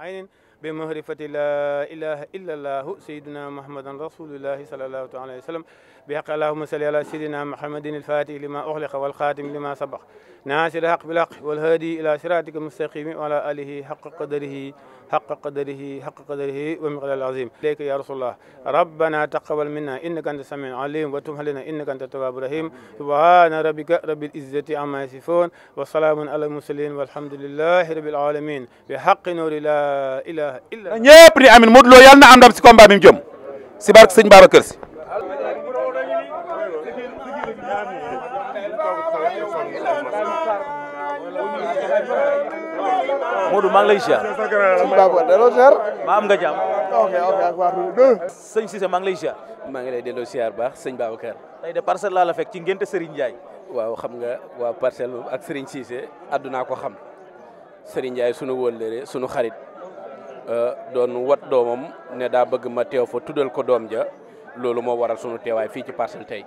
aynin bi mahrifati la ilaha illa allahu sayyidina muhammadan rasulullahi sallallahu taala alayhi wa sallam بحق اللهم صل على سيدنا محمد الفاتح لما أغلق والخاتم لما سبق ناصر الحق بالحق والهادي إلى صراطك المستقيم وعلى آله حق قدره حق قدره حق قدره ومقدار العظيم إليك يا رسول الله ربنا تقبل منا إنك أنت السميع العليم وتب علينا إنك أنت التواب الرحيم سبحان ربك رب العزة عما يصفون وسلام على المرسلين والحمد لله رب العالمين بحق نور لا إله إلا ñëpp di amin Modou Lo yàlla na am ndam si combat bi mu jëm si barke sëñ Babacar Si Modou maa ngi lay ziar. Babacar delloo ziar. maa am nga jàmm. sëñ Cissé maa ngi lay ziar. maa ngi lay delloo ziar baax sëñ Babacar. tey de parcelle laa la fekk ci ngénte Serigne Ndiaye. waaw xam nga waa parcelle ak Serigne Cissé àddunaa ko xam Serigne Ndiaye sunu wóllëre sunu xarit euh, doon wat doomam ne daa bëgg ma teew fa tuddal ko doom ja. loolu moo waral sunu teewaay fii ci parcelle tey.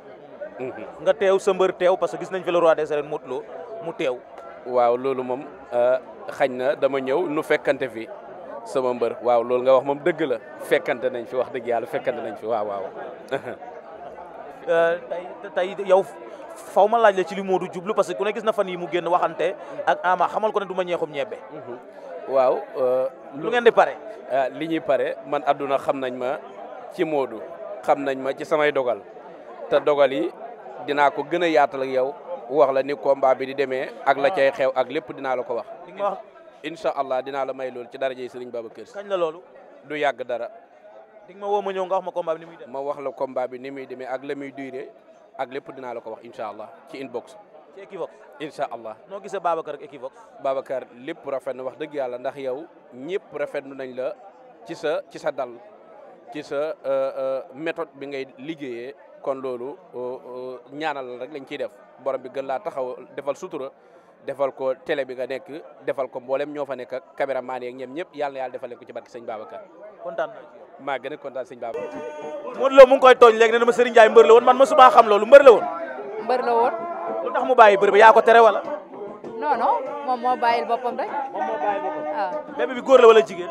Mhm. nga teew sa mbër teew parce que gis nañ fi le roi des arènes Modou mu teew. waaw loolu moom euh, xañ na dama ñëw nu fekkante fi sama mbër waaw loolu nga wax moom dëgg la fekkante nañ fi wax dëgg yàlla fekkante nañ fi waaw waaw. Euh, tey tey yow faw ma laaj la ci li Modou jublu parce que ku ne gis na fan yi mu génn waxante ak Ama xamal ko ne du ma ñeexum ñebe. Mhm. waaw. Euh, lu ngeen di pare. li ñuy pare man àdduna xam nañ ma ci Modou. xam nañ ma ci samay dogal te dogal yi dinaa ko gën a yaatal ak yow wax la ni combat bi di demee ak la cay xew ak lépp dinaa la ko wax. incha allah dinaa la may loolu ci daraja yi Serigne Babacar Sy. kañ la loolu. du yàgg dara. di ma woo ma ñëw nga ma combat bi ni ma wax la combat bi ni muy demee ak la muy duré ak lépp dinaa la ko wax incha allah ci inbox. ci Equivox. incha allah noo gisee Babacar ak Equivox. Babacar lépp rafet na wax dëgg yàlla ndax yow ñëpp rafetlu nañ la ci sa ci sa dal. ci sa euh, euh, méthode bi ngay liggéeyee kon loolu euh, ñaanal rek lañ ciy def borom bi gën laa taxaw defal sutura defal ko tele bi nga nekk defal ko mboolem ñoo fa nekk ak caméraman yeeg ñoom ñëpp yàlla yàlla defal leen ko ci barke sëñ Babacar. kontaan naa ci maa gën a kontaan Lo mu koy tooñ léegi ne dama Serigne Ndiaye mbër la woon man ma subaa xam loolu mbër la woon. mbër la woon. lu tax mu bàyyi bëri ba yaa ko tere wala. non non moom moo bàyyil boppam rek. moom moo ah. la wala jigéen.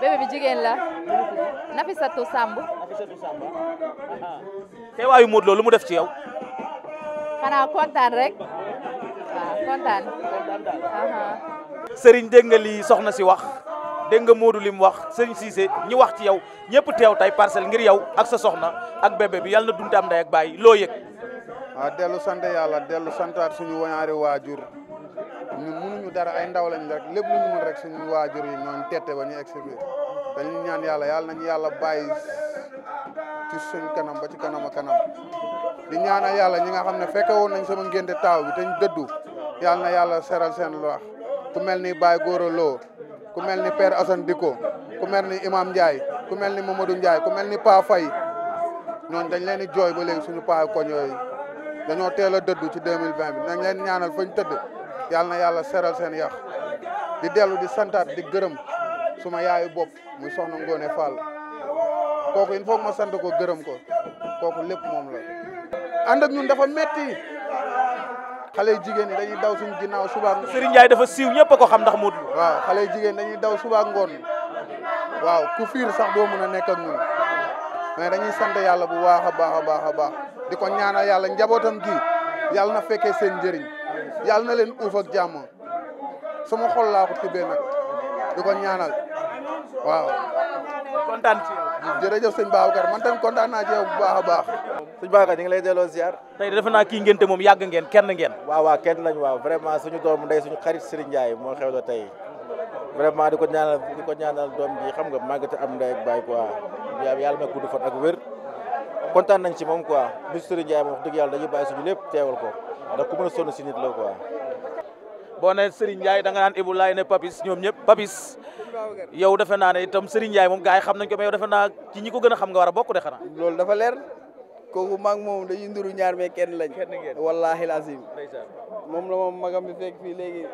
bébé Nafissatou Samb. Nafissatou Samb teewaayu Modou Lo lu mu def ci yow. xanaa kontaan rek waaw kontaan. nga lii soxna si wax dégg nga Modou li mu wax Serigne Cissé ñi wax ci yow ñëpp teew tey parcelle ngir yow ak sa soxna ak bébé bi yàlla na dund am ndey ak bàyyi loo yëg. waaw ah, dellu sant yàlla dellu santaat suñu wañaari waajur. ñun munuñu dara ay ndaw lañ rek lépp lu ñu rek suñu waajur yi ñooñ tette ba ñu exhibir dañu ñaan yàlla yàlla nañu yàlla bàyyi ci suñ kanam ba ci kanam a kanam di ñaanal yàlla ñi nga xam ne fekke woon nañ sama ngénte taaw bi tañ ñu dëddu yàlla na yàlla seral seen wax ku mel ni baay Gora Lo ku mel ni per Assane Diko ku mel ni imaam Ndiaye ku mel ni Mamadou Ndiaye ku mel ni Pa Faye ñooñu dañ leen di jooy ba léegi suñu paa koñ dañoo teel a dëddu ci vingt bi nañ leen ñaanal fañ tëdd yàlla na yàlla seral seen ya di dellu di santaat di gërëm suma yaayu bopp muy soxna Ngone Fall kooku il faut ma sant ko gërëm ko kooku lépp moom la. ànd ak ñun dafa metti xale jigéen ñi dañuy daw suñ ginnaaw suba ak ngoon. Serigne Ndiaye dafa siiw ñëpp a ko xam ndax mu. waaw xale jigéen dañuy daw suba ak ngoon waaw ku fiir sax doo mën a nekk ak ñun mais dañuy sant yàlla bu baax a baax a baax a baax di ko ñaanal yàlla njabootam gi yàlla na fekkee seen njëriñ yàlla na leen uuf ak suma sama xol di ko ñaanal. waaw. kontaan ci yow. jërëjëf sëñ Babacar man tamit kontaan naa ci yow baax a baax. sëñ Babacar ñu ngi lay delloo ziar. tey defe naa kii ngénte moom yàgg ngeen kenn ngeen. waaw waaw kenn lañ waaw vraiment suñu doomu ndey suñu xarit Serigne Ndiaye moo xew la tey vraiment di ko ñaanal di ko ñaanal doom bi xam nga màggati am ndey ak baay quoi yàlla may gudd fan ak wér kontaan nañ ci moom quoi monsieur Serigne Ndiaye moom wax dëgg yàlla dañuy bàyyi suñu lépp teewal ko ndax ku mën sonn si nit la ko boo ne Serigne Ndiaye da nga naan Ibou Laye ne Papis ñoom ñëpp Papis yow defe naa ne itam Serigne Ndiaye moom yi xam nañ ko mais naa ci ñi ko gën a xam nga war a bokk loolu dafa leer kooku mag moom dañuy nduru ñaar mais kenn lañ. kenn ngeen wallaahi lazim moom la moom magam bi fekk fii léegi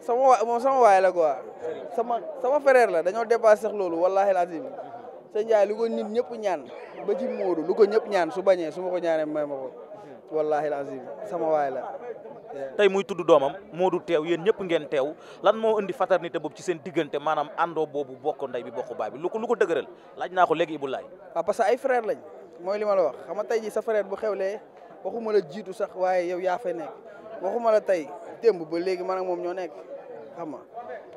sama wa sama waay la quoi. sama sama frère la dañoo dépassé sax loolu wallaahi lazim mhm. sa Ndiaye lu ko nit ñëpp ñaan ba ci Moodu lu ko ñëpp ñaan su bañee su ma ko ñaanee may ma ko mhm. wallaahi lazim sama waay la. tey muy tudd doomam moo du teew yéen ñëpp ngeen teew lan moo indi fraternité boobu ci seen diggante maanaam àndoo boobu bokk ndey bi bokk baay bi lu ko lu ko dëgëral laaj naa ko léegi Ibou Laye ah, waaw que ay frère lañ mooy li ma la wax xam tey ji sa frère bu xewlee waxuma la jiitu sax waaye yow yaa fay nekk waxuma la tey démb ba léegi man moom ñoo nekk xam nga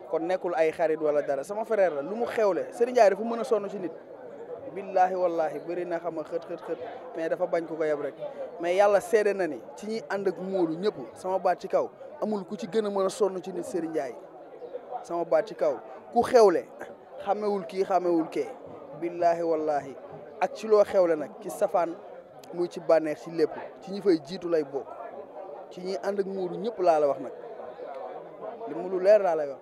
kon nekkul ay xarit wala dara sama frère la lu mu xewle Serigne Ndiaye dafa mën a sonn ci nit billaahi wallaahi bari na xam nga xët xët xët mais dafa bañ ku ko yeb rek mais yàlla seede na ni ci ñuy ànd ak Modou ñëpp sama baat ci kaw amul ku ci gën a mën a sonn ci nit Serigne Ndiaye sama baat ci kaw ku xewle xamewul kii xamewul kee billaahi wallaahi ak ci loo xewle nag ci safaan muy ci banneex ci lépp ci ñi fay jiitul ay bokk ci ñuy ànd ak Modou ñëpp laa wax nag li mu lu leer laa lay wax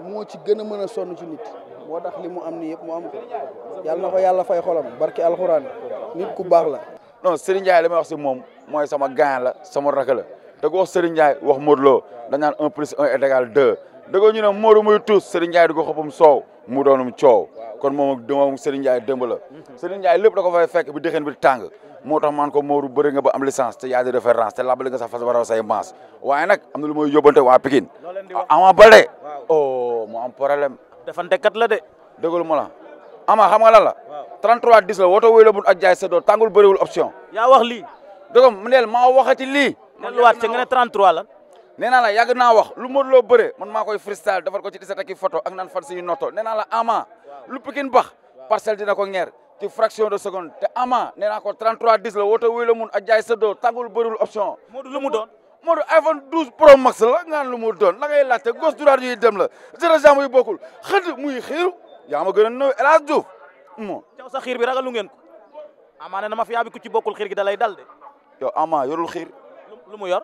moo ci gën a mën a sonn ci nit wa tax li mu am nii yëpp mu am ko yàlla na ko yàlla fay xolam barki alxuraan nit ku baax la. non Serigne Ndiaye li may wax si moom mooy sama gaañ la sama rak la te ku wax Serigne Ndiaye wax Modou Lo dañ naan un plus un est égal deux dëgg ñu ne Modou muy tuus Serigne Ndiaye du ko soow mu doonum coow kon moom moom Serigne Ndiaye dëmb la Serigne Ndiaye lépp fay fekk bi dëxeen bi tàng moo tax man ko Modou bëri ba am licence te yaa di référence te labali nga fas baraw defante kat la de. dëggal ma la ama xam nga lan la. waaw 33 10 la woto wéy la a ak jaay sa doo tàngul bëriwul option. yaa wax lii. dëggam mu neel maa waxati lii. man luwaat ci nga ne 33 la. nee naa la yàgg naa wax lu Modou Lo bëree man maa koy freestyle defar ko ci diset ak photo ak naan si noto nee la ama lu Pikine bax parcelle dina ko ñeer ci fraction de seconde te ama nee naa ko 33 10 la woto wéy mun ak jaay sa doo tàngul option. Modou iPhone 12 Pro Max la nga lu mu doon la ngay laajte gos du rajo yi dem la jërëjëf jàmm yu bokkul xëdd muy xiiru yaa ma gën a nëw El Hadj Diouf moom. yow sa xiir bi ragalu ngeen ko amaa ne na ma fi yaabi ku ci bokkul xiir gi da dal de. yow amaa yorul xiir. lu mu yor.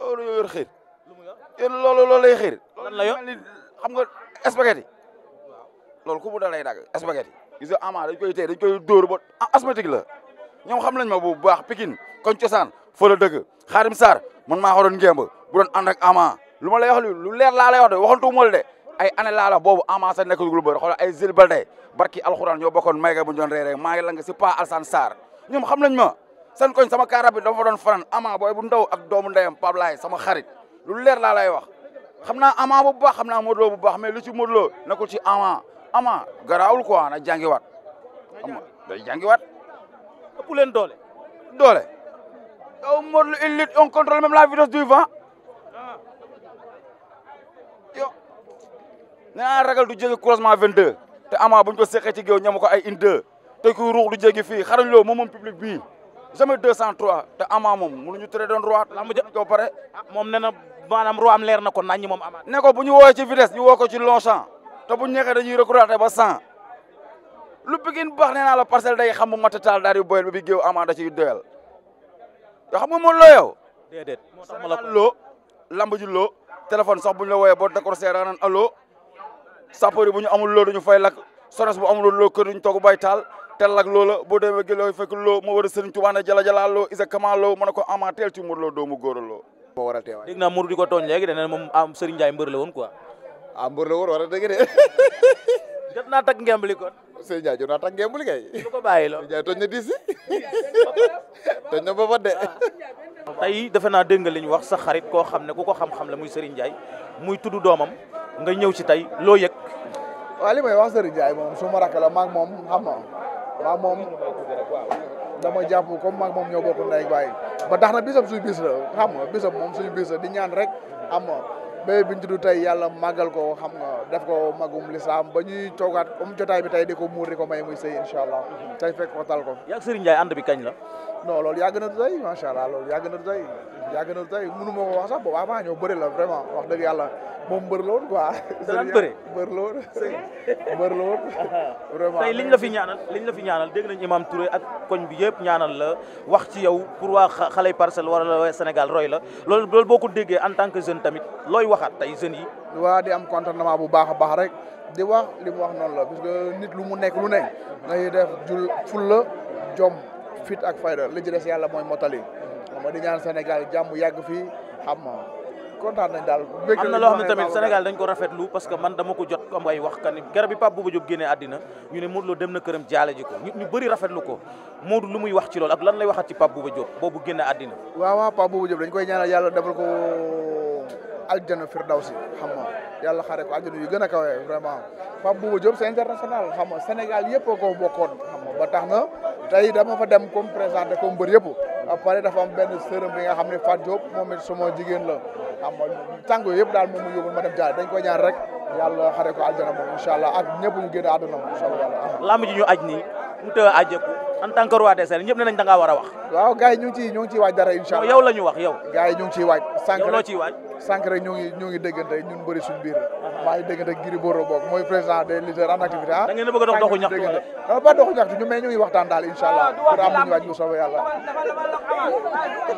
yor xiir. lu mu yor yéen loolu loolu lay xiir. lan la yor xam nga spaghetti. loolu ku mu da lay dagg spaghetti. gis nga amaa dañ koy tey dañ la ñoom xam nañ ma bu baax Pikine koñ cosaan fa la dëgg Xaarim Sarr man maa ko doon ngémb bu doon ànd ak Ama lu ma lay wax lu leer laa lay wax de waxantu ma de ay année laa la boobu Ama sa nekk lu bëri xoolal ay zil ba tey barki alxuraan ñoo bokkoon may ga bu ñu doon reeree maa ngi lang si pas saar Sarr ñoom xam nañ ma seen koñ sama kaarab bi dafa doon faran Ama booy bu ndaw ak doomu ndeyam Pablaay sama xarit lu leer laa lay wax xam naa Ama bu baax xam naa Modou bu baax mais lu ci Modou na nekkul ci Ama Ama garaawul quoi na jàngiwaat xam nga day jàngiwaat ëpp leen yow Modou Lô il lutte on contrôle même la vitesse du vent yow nee naa ragal du jéggi croisement 22 te Ama buñ ko seqee ci géew ñamu ko ay une deux te ku ruux du jéggi fii xarañ loo moom moom public bii jamais 203 te Ama moom mënuñu tere doon roi lamb ja ko pare ah, moom nee na maanaam roi am leer na ko na ñi moom amaat ne ko bu ñu woowee ci vitesse ñu woo ko ci long champ te bu ñu neexee dañuy recruter ba 100 lu Pikine baax nee naa la parcelle day xam bu matataal daal di boyal bi géew Ama da yoo xam nga Modou Lo yow. déedéet moo tax ma la ko loo lamb ji loo téléphone sax bu ñu la wooyee boo décroché da nga naan allo sapeur bu ñu amul loo duñu fay lakk sones bu amul loo kër duñu toog bay taal tel lak loola boo demee gëlooy fekk loo ma war a sëriñ Tuubaa jala jala loo isa kama loo mën a ko ama teel ci Modou Lo doomu góor a loo moo waral teewaay dégg naa Modou di ko tooñ léegi dana ne moom am ah, Serigne Ndiaye mbër la woon quoi ah mbër la woon war a de jot naa takk ngemb li kon Sëñ Ndiaye jox naa tax ngembul kay. du ko bàyyi lool Sëñ de. Ah. tey defe naa dégg nga li ñu wax sa xarit koo xam ne ku ko xam-xam la muy Serigne Ndiaye muy tudd doomam nga ñëw ci tey loo yëg. waaw li may wax Serigne Ndiaye moom su ma rakk maag moom xam nga maag moom dama jàpp comme maag moom ñoo bokk ndey baay ba tax na bisam suñu bis la xam nga bisam moom suñu bis la di ñaan rek am bébé Bintu tey yàlla màggal ko xam nga def ko magum lislaam ba ñuy toogaat comme jotaay bi tey de ko muur di ko may muy sëy incha allah tey fekk ko tal ko. yaa ngi Serigne Ndiaye ànd bi kañ la. non loolu yàgg na du tey macha allah loolu yàgg na du tey. yàgg na tey mënu ko wax sax boobu avant ñoo bëri la vraiment wax dëgg yàlla moom mbër la woon quoi. daan bëri mbër la woon mbër la woon vraiment tey liñ la fi ñaanal liñ la fi ñaanal dégg Imam Touré ak koñ bi yëpp ñaanal la wax ci yow pour waa xale parcelle wala waa Sénégal roy la lool loolu boo ko déggee en tant que jeune tamit looy waxaat tey jeunes yi. waa di am contentement bu baax a baax rek di wax li mu wax noonu la parce que nit lu mu nekk lu ne ngay def jul ful la jom fit ak fayda li ci des yàlla mooy motali xam nga di ñaan Sénégal jàmm yàgg fii xam nga kontaan nañ daal. am na loo xam ne tamit Sénégal dañ ko rafetlu parce que man dama ko jot am ay wax kan garab bi Pape Bouba Diop génnee àddina ñu ne Modou Lo dem na këram jaale ji ko ñu bëri rafetlu ko Modou lu muy wax ci loolu ak lan lay waxat ci Pape Bouba Diop boobu génne àddina. waaw waaw Pape Bouba Diop dañ koy yàlla defal ko aljana firdawsi xam nga yàlla xaaree ko aljana yu gën a kawe vraiment Pape Bouba Diop c'est international xam nga Sénégal yëpp a ko bokkoon xam nga ba tax na tey dama fa dem comme présenté comme bër yëpp ba pare dafa am benn sërëm bi nga xam ne Fatou Diop moom it sama jigéen la xam nga tàngo yëpp daal moom mu yóbbul ma dem jaay dañ ko ñaar rek yàlla xare ko aljana moom incha allah ak ñëpp ñu génn àdduna moom incha allah. lamb ji ñu aj ni mu tëw a àjjeeku en tant que ñëp des arènes ñëpp nañ da ngaa war a wax. waaw gars yi ci ngi ciy ñu ngi ciy waaj dara incha allah yow la ñu wax yow. gars yi ñu ngi ciy waaj. sànq rek yow loo ciy waaj. sànq rek ñu ngi ñu ngi déggante ñun bëri suñu biir maa ngi dégg nag Gris Bordeaux mooy président des lutteurs en activité ah. da ngeen a bëgg a dox doxu ñaxtu ñu mais ñu daal incha allah. pour am lu ñu wàññi bu soobee